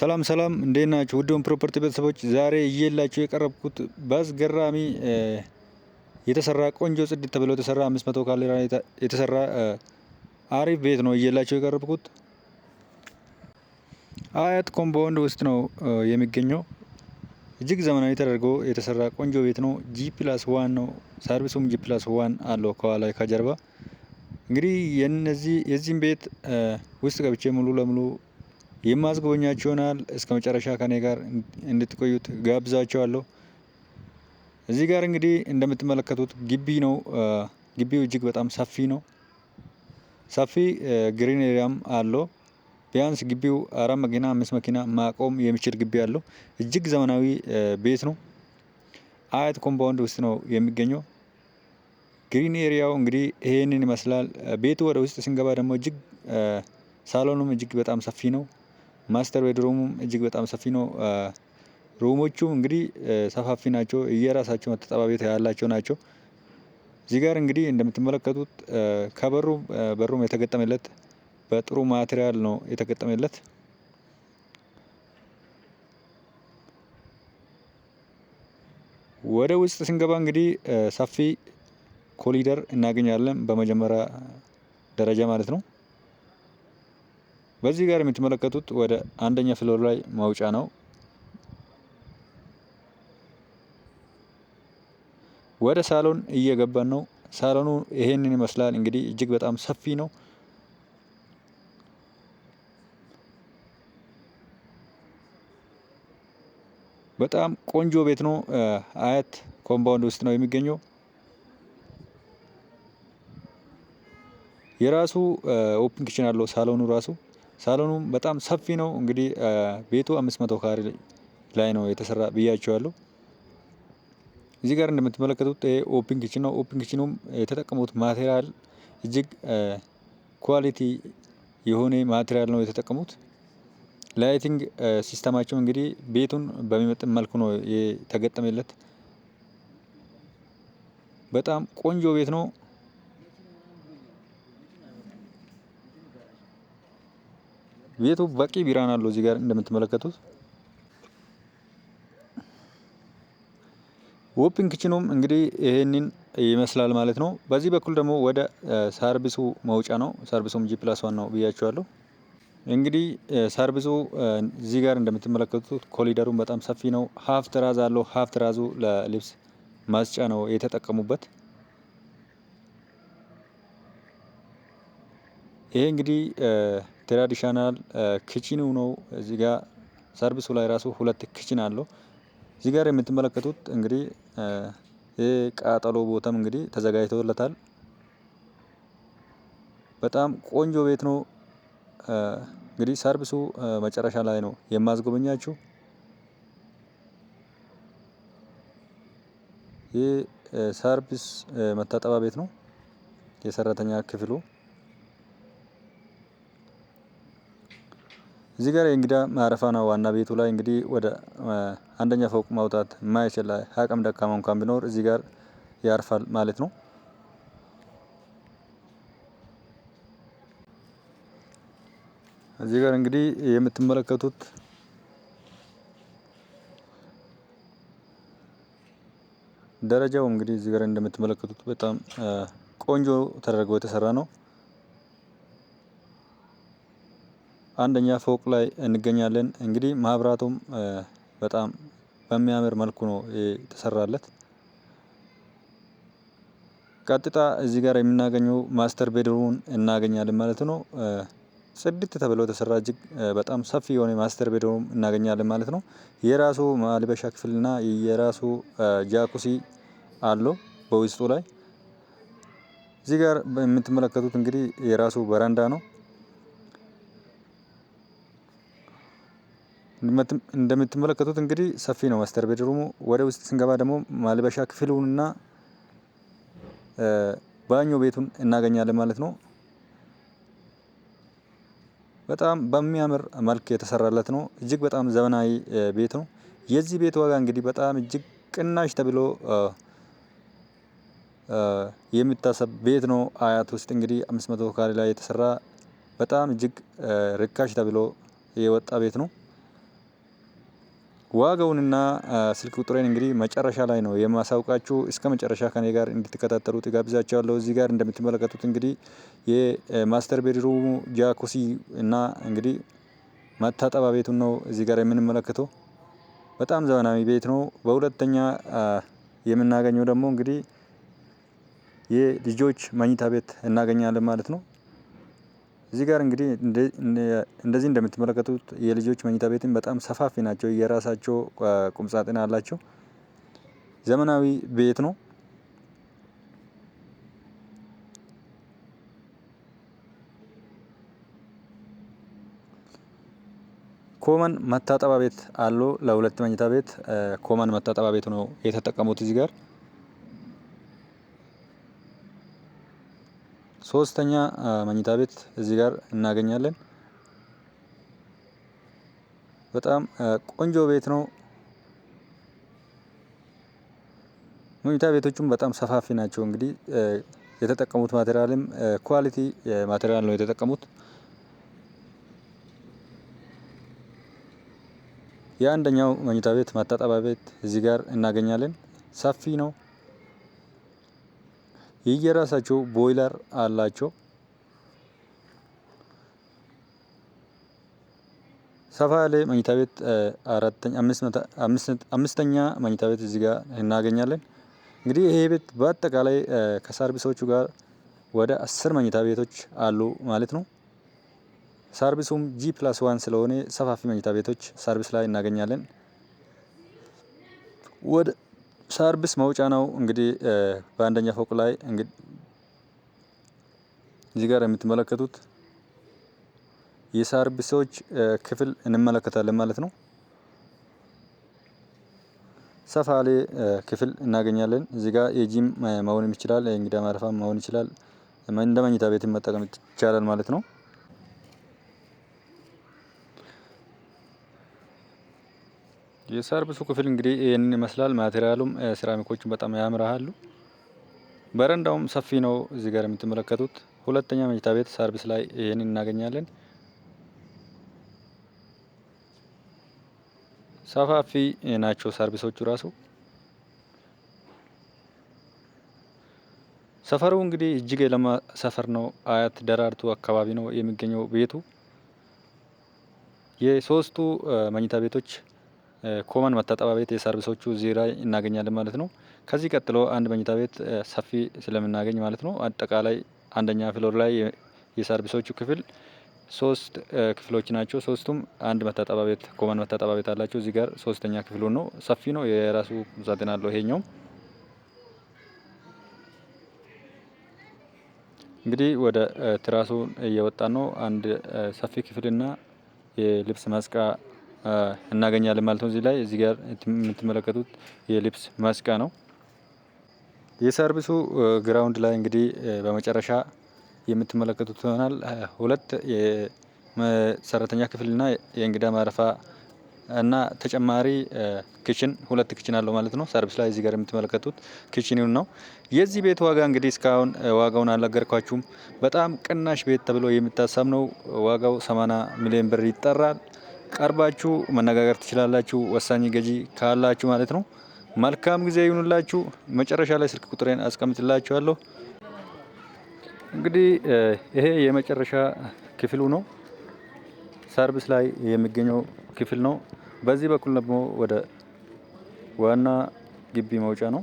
ሰላም ሰላም እንዴት ናችሁ? ፕሮፐርቲ ቤተሰቦች ዛሬ እየላችሁ የቀረብኩት በአስገራሚ የተሰራ ቆንጆ ጽድት ተብሎ የተሰራ 500 ካሬ የተሰራ አሪፍ ቤት ነው እየላችሁ የቀረብኩት። አያት ኮምፓውንድ ውስጥ ነው የሚገኘው። እጅግ ዘመናዊ ተደርጎ የተሰራ ቆንጆ ቤት ነው። ጂ ፕላስ ዋን ነው ሰርቪሱም ጂ ፕላስ ዋን አለው ከኋላ ከጀርባ እንግዲህ የነዚህ የዚህም ቤት ውስጥ ገብቼ ሙሉ ለሙሉ የማስጎበኛችሁ ይሆናል። እስከ መጨረሻ ከኔ ጋር እንድትቆዩት ጋብዛቸዋለሁ። እዚህ ጋር እንግዲህ እንደምትመለከቱት ግቢ ነው። ግቢው እጅግ በጣም ሰፊ ነው። ሰፊ ግሪን ኤሪያም አለው። ቢያንስ ግቢው አራት መኪና አምስት መኪና ማቆም የሚችል ግቢ አለው። እጅግ ዘመናዊ ቤት ነው። አያት ኮምፓውንድ ውስጥ ነው የሚገኘው። ግሪን ኤሪያው እንግዲህ ይሄንን ይመስላል። ቤቱ ወደ ውስጥ ስንገባ ደግሞ እጅግ ሳሎኑም እጅግ በጣም ሰፊ ነው። ማስተር ቤድሩሙም እጅግ በጣም ሰፊ ነው። ሮሞቹ እንግዲህ ሰፋፊ ናቸው። እየራሳቸው መታጠቢያ ቤት ያላቸው ናቸው። እዚህ ጋር እንግዲህ እንደምትመለከቱት ከበሩ በሩም የተገጠመለት በጥሩ ማቴሪያል ነው የተገጠመለት። ወደ ውስጥ ስንገባ እንግዲህ ሰፊ ኮሊደር እናገኛለን በመጀመሪያ ደረጃ ማለት ነው። በዚህ ጋር የምትመለከቱት ወደ አንደኛ ፍሎር ላይ መውጫ ነው። ወደ ሳሎን እየገባን ነው። ሳሎኑ ይሄንን ይመስላል እንግዲህ እጅግ በጣም ሰፊ ነው። በጣም ቆንጆ ቤት ነው። አያት ኮምፓውንድ ውስጥ ነው የሚገኘው። የራሱ ኦፕን ኪችን አለው ሳሎኑ ራሱ ሳሎኑም በጣም ሰፊ ነው። እንግዲህ ቤቱ አምስት መቶ ካሬ ላይ ነው የተሰራ ብያቸዋለሁ። እዚህ ጋር እንደምትመለከቱት ይሄ ኦፕን ኪችን ነው። ኦፕን ኪችኑም የተጠቀሙት ማቴሪያል እጅግ ኳሊቲ የሆነ ማቴሪያል ነው የተጠቀሙት። ላይቲንግ ሲስተማቸው እንግዲህ ቤቱን በሚመጥን መልኩ ነው የተገጠመለት። በጣም ቆንጆ ቤት ነው። ቤቱ በቂ ቢራን አለው። እዚህ ጋር እንደምትመለከቱት ዎፒንግ ኪችኑም እንግዲህ ይሄንን ይመስላል ማለት ነው። በዚህ በኩል ደግሞ ወደ ሰርቪሱ መውጫ ነው። ሰርቪሱም ጂ ፕላስ ዋን ነው ብያቸዋለሁ። እንግዲህ ሰርቪሱ እዚህ ጋር እንደምትመለከቱት ኮሊደሩም በጣም ሰፊ ነው። ሀፍ ትራዝ አለው። ሀፍ ትራዙ ለልብስ ማስጫ ነው የተጠቀሙበት። ይሄ እንግዲህ ትራዲሽናል ክችን ነው። እዚህ ጋ ሰርቪሱ ላይ ራሱ ሁለት ክችን አለው። እዚህ ጋር የምትመለከቱት እንግዲህ የቃጠሎ ቃጠሎ ቦታም እንግዲህ ተዘጋጅቶለታል። በጣም ቆንጆ ቤት ነው። እንግዲህ ሰርቪሱ መጨረሻ ላይ ነው የማስጎበኛችሁ። ይህ ሰርቪስ መታጠቢያ ቤት ነው የሰራተኛ ክፍሉ እዚህ ጋር የእንግዳ ማረፋ ነው። ዋና ቤቱ ላይ እንግዲህ ወደ አንደኛ ፎቅ ማውጣት ማይችል አቅም ደካማ እንኳን ቢኖር እዚህ ጋር ያርፋል ማለት ነው። እዚህ ጋር እንግዲህ የምትመለከቱት ደረጃው እንግዲህ እዚህ ጋር እንደምትመለከቱት በጣም ቆንጆ ተደርጎ የተሰራ ነው። አንደኛ ፎቅ ላይ እንገኛለን። እንግዲህ ማብራቱም በጣም በሚያምር መልኩ ነው የተሰራለት። ቀጥታ እዚህ ጋር የምናገኘው ማስተር ቤድሩን እናገኛለን ማለት ነው። ጽድት ተብሎ የተሰራ እጅግ በጣም ሰፊ የሆነ ማስተር ቤድሩም እናገኛለን ማለት ነው። የራሱ ማልበሻ ክፍልና የራሱ ጃኩሲ አለው በውስጡ ላይ። እዚህ ጋር የምትመለከቱት እንግዲህ የራሱ በረንዳ ነው። እንደምትመለከቱት እንግዲህ ሰፊ ነው ማስተር ቤድሩሙ። ወደ ውስጥ ስንገባ ደግሞ ማልበሻ ክፍሉንና ባኞ ቤቱን እናገኛለን ማለት ነው። በጣም በሚያምር መልክ የተሰራለት ነው። እጅግ በጣም ዘመናዊ ቤት ነው። የዚህ ቤት ዋጋ እንግዲህ በጣም እጅግ ቅናሽ ተብሎ የሚታሰብ ቤት ነው። አያት ውስጥ እንግዲህ አምስት መቶ ካሬ ላይ የተሰራ በጣም እጅግ ርካሽ ተብሎ የወጣ ቤት ነው። ዋጋውንና ስልክ ቁጥሬን እንግዲህ መጨረሻ ላይ ነው የማሳውቃችሁ። እስከ መጨረሻ ከኔ ጋር እንድትከታተሉት ጋብዛችኋለሁ። እዚህ ጋር እንደምትመለከቱት እንግዲህ የማስተር ቤድሩሙ ጃኩሲ እና እንግዲህ መታጠቢያ ቤቱን ነው እዚህ ጋር የምንመለከተው። በጣም ዘመናዊ ቤት ነው። በሁለተኛ የምናገኘው ደግሞ እንግዲህ የልጆች መኝታ ቤት እናገኛለን ማለት ነው። እዚህ ጋር እንግዲህ እንደዚህ እንደምትመለከቱት የልጆች መኝታ ቤትን በጣም ሰፋፊ ናቸው። የራሳቸው ቁምሳጥን አላቸው። ዘመናዊ ቤት ነው። ኮመን መታጠባ ቤት አለው። ለሁለት መኝታ ቤት ኮመን መታጠባ ቤት ነው የተጠቀሙት እዚህ ጋር ሶስተኛ መኝታ ቤት እዚህ ጋር እናገኛለን። በጣም ቆንጆ ቤት ነው። መኝታ ቤቶቹም በጣም ሰፋፊ ናቸው። እንግዲህ የተጠቀሙት ማቴሪያልም ኳሊቲ ማቴሪያል ነው የተጠቀሙት። የአንደኛው መኝታ ቤት መታጠቢያ ቤት እዚህ ጋር እናገኛለን። ሰፊ ነው። የየራሳቸው ቦይለር አላቸው። ሰፋ ያለ መኝታ ቤት አምስተኛ መኝታ ቤት እዚህ ጋር እናገኛለን። እንግዲህ ይሄ ቤት በአጠቃላይ ከሰርቪሶቹ ጋር ወደ አስር መኝታ ቤቶች አሉ ማለት ነው። ሰርቪሱም ጂ ፕላስ ዋን ስለሆነ ሰፋፊ መኝታ ቤቶች ሰርቪስ ላይ እናገኛለን ወደ ብስ መውጫ ነው እንግዲህ በአንደኛ ፎቅ ላይ እንግዲህ እዚህ ጋር የምትመለከቱት የሰርቪሶች ክፍል እንመለከታለን ማለት ነው። ሰፋ ያለ ክፍል እናገኛለን። እዚህ ጋር የጂም መሆንም ይችላል፣ የእንግዳ ማረፋ መሆን ይችላል፣ እንደ መኝታ ቤት መጠቀም ይቻላል ማለት ነው። የሰርቪሱ ክፍል እንግዲህ ይህንን ይመስላል። ማቴሪያሉም ሴራሚኮቹን በጣም ያምራሉ። በረንዳውም ሰፊ ነው። እዚህ ጋር የምትመለከቱት ሁለተኛ መኝታ ቤት ሰርቪስ ላይ ይህንን እናገኛለን። ሰፋፊ ናቸው ሰርቪሶቹ ራሱ። ሰፈሩ እንግዲህ እጅግ የለማ ሰፈር ነው። አያት ደራርቱ አካባቢ ነው የሚገኘው ቤቱ። የሶስቱ መኝታ ቤቶች ኮመን መታጠቢያ ቤት የሰርቪሶቹ እዚህ ላይ እናገኛለን ማለት ነው። ከዚህ ቀጥሎ አንድ መኝታ ቤት ሰፊ ስለምናገኝ ማለት ነው አጠቃላይ አንደኛ ፍሎር ላይ የሰርቪሶቹ ክፍል ሶስት ክፍሎች ናቸው። ሶስቱም አንድ መታጠቢያ ቤት ኮመን መታጠቢያ ቤት አላቸው። እዚህ ጋር ሶስተኛ ክፍሉ ነው። ሰፊ ነው። የራሱ ሳጥን አለው ይሄኛው። እንግዲህ ወደ ትራሱ እየወጣን ነው። አንድ ሰፊ ክፍልና የልብስ መስቃ እናገኛለን ማለት ነው። እዚህ ላይ እዚህ ጋር የምትመለከቱት የልብስ መስቀያ ነው። የሰርቪሱ ግራውንድ ላይ እንግዲህ በመጨረሻ የምትመለከቱት ይሆናል። ሁለት የሰራተኛ ክፍልና የእንግዳ ማረፋ እና ተጨማሪ ክችን ሁለት ክችን አለው ማለት ነው። ሰርቪስ ላይ እዚህ ጋር የምትመለከቱት ክችን ነው። የዚህ ቤት ዋጋ እንግዲህ እስካሁን ዋጋውን አልነገርኳችሁም። በጣም ቅናሽ ቤት ተብሎ የሚታሰብ ነው። ዋጋው 80 ሚሊዮን ብር ይጠራል። ቀርባችሁ መነጋገር ትችላላችሁ፣ ወሳኝ ገዢ ካላችሁ ማለት ነው። መልካም ጊዜ ይሁንላችሁ። መጨረሻ ላይ ስልክ ቁጥሬን አስቀምጥላችኋለሁ። እንግዲህ ይሄ የመጨረሻ ክፍሉ ነው። ሰርቪስ ላይ የሚገኘው ክፍል ነው። በዚህ በኩል ደግሞ ወደ ዋና ግቢ መውጫ ነው።